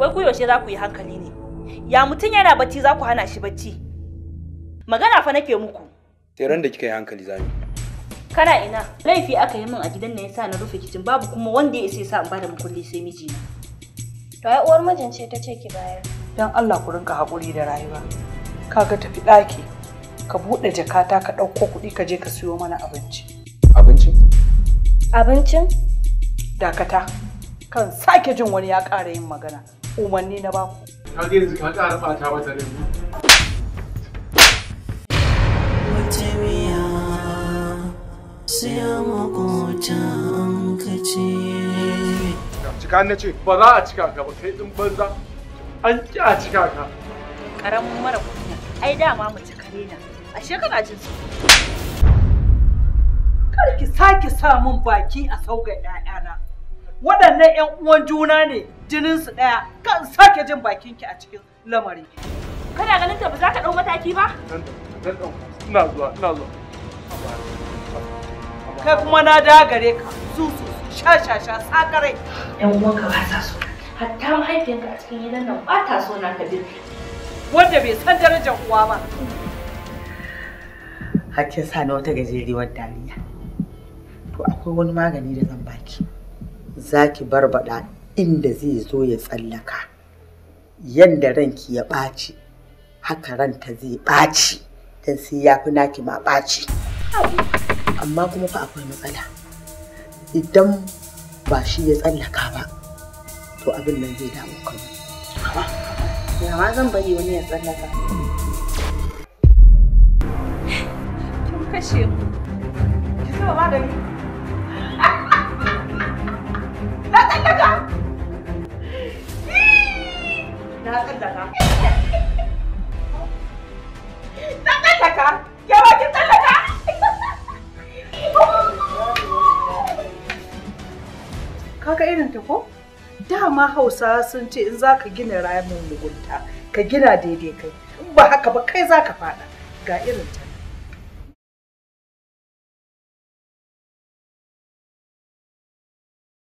wai ku yaushe za ku yi hankali ne ya mutum yana bacci za ku hana shi bacci magana fa nake muku tseren da kika yi hankali za kana ina laifi aka yi min a gidan na yasa na rufe kicin babu kuma wanda ya isa sa in bada mukulli sai mijina to ai uwar mijin ce ta ce ki bayar dan Allah ku rinka haƙuri da rayuwa kaga tafi ɗaki ka buɗe jakata ka ɗauko kuɗi ka je ka siyo mana abinci abinci? abincin dakata kan sake jin wani ya ƙara yin magana umarni na baku ka ga yanzu ka ƙara ɓata mata da Cika na ce ba za a cika ka ba kai ɗin banza an ƙi a cika ka. Ƙaramin mara kunya ai dama mace kare na ashe kana jin su. Kar ki sake sa min baki a sauga na. waɗannan 'yan uwan juna ne jininsu ɗaya kan sake jin bakin ki a cikin lamarin ki. Kana ganin ta ba za ka ɗau mataki ba? Ina zuwa, ina zuwa. Kai kuma na dagare ka su su sha sha sha sakarai. 'Yan ka ba sa so. Hatta mahaifiyanka a cikin gidan nan ba ta so na ka bi. Wanda bai san darajar uwa ba. Hakkin sa na wata gajeriyar dariya. To akwai wani magani da zan baki. za ki barbaɗa inda zai zo ya tsallaka yadda ranki ya ɓaci haka ranta zai ɓaci don sai ya fi naki ma ɓaci amma kuma fa akwai matsala idan ba shi ya tsallaka ba to abin nan zai damu kanmu ya ma zan bari wani ya tsallaka kashe mu ki ba da Kaga irinta ko? Dama Hausa sun ce in za ka gina ramin mugunta, ka gina daidai kai. In ba haka ba kai za ka faɗa ga irinta.